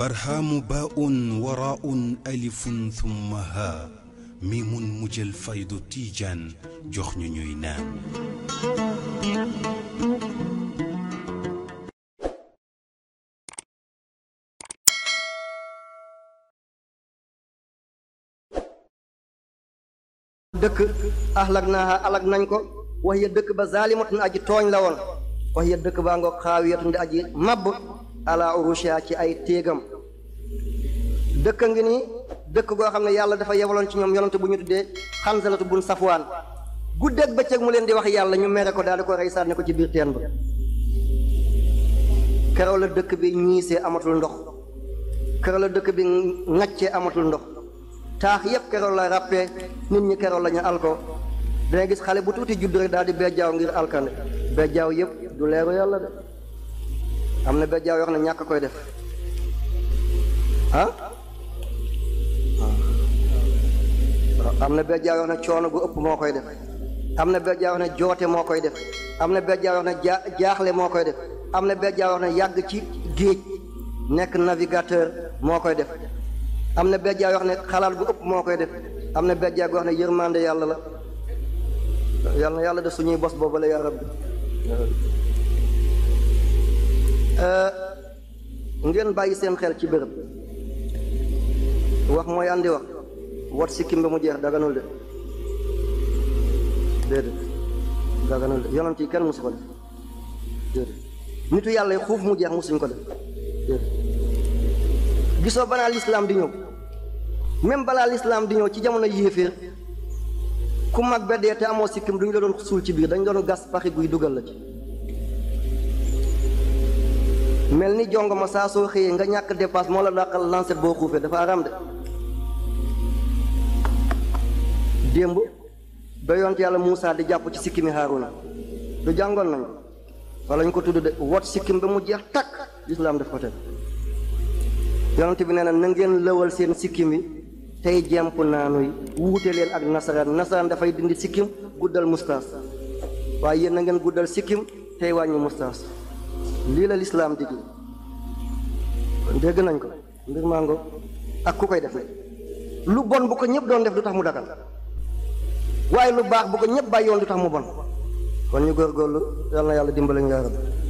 barhaamu baa'un waraa'un alifun thumma haa miimun mu jël faydu jox ñu ñuy naan. dëkk ahlak naaha alag nañ ko wax ya dëkk ba zaalimatun aji tooñ la woon wax ya dëkk baa ngoog xaawiyatun di aji mabb ala urusha ci ay tegam dekk ngi ni dekk go xamne yalla dafa yewalon ci ñom yonante bu ñu tuddé xansalatu bun ak becc ak mu leen di wax yalla ñu mere ko daliko di ko ko ci bir teen ba kéro la dekk bi ñiisee amatul ndox kéro la dekk bi ngaccé amatul ndox tax yépp kéro la rappé nit ñi kéro la ñu gis xalé bu tuti judd rek daldi ngir alkane bejjaaw yépp du leeru yalla de am na bejjaaw yoo xam ne ñàkk koy def ah, ah. am na bejjaaw yoo xam ne coono gu ëpp moo koy def am na bejjaaw yoo xam ne joote moo koy def am na bejjaaw yoo xam ne jaaxle moo koy def am na bejjaaw yoo xam ne yàgg ci géej nekk navigateur moo koy def am na bejjaaw yoo xam ne xalaat gu ëpp moo koy def am na bejjaaw goo xam ne yërmande yàlla la yàlla yàlla def suñuy bos boobu la yaa rabbi Euh, ngeen bàyyi seen xel ci bërëb wax mooy àndi wax wat sikkim ba mu jeex daganul de déedéet daganul de yonent yi kenn mosu ko def nitu yàlla yi xuuf mu jeex mosuñ ko de déedéet gisoo balaa lislaam di ñëw même balaa lislaam di ñëw ci jamono yéeféer ku mag ba dee te amoo sikkim duñ la doon suul ci biir dañ doon gas paxi guy dugal la ci mel ni jongo ma saa soo xëyee nga ñàkk dépasse moo la dàqal lancet boo xuufee dafa aram de démb ba yont yàlla Moussa di jàpp ci sikkimi Haaruna du jàngoon nañ wala ñu ko tudd de wot sikkim ba mu jeex takk islaam def ko teg yonent bi nee na na ngeen lëwal seen sikkim yi tey jemp naanuy wuute leen ak nasaraan nasaraan dafay dindi sikkim guddal mustaas waaye yéen na ngeen guddal sikkim tey wàññi mustaas lii la lislaam digle dégg nañ ko mbir màngo ak ku koy def lu bon bu ko ñëpp doon def du tax mu dagal waaye lu baax bu ko ñëpp bàyyi woon du tax mu bon kon ñu góorgóorlu yal na yàlla dimbale ñu yaa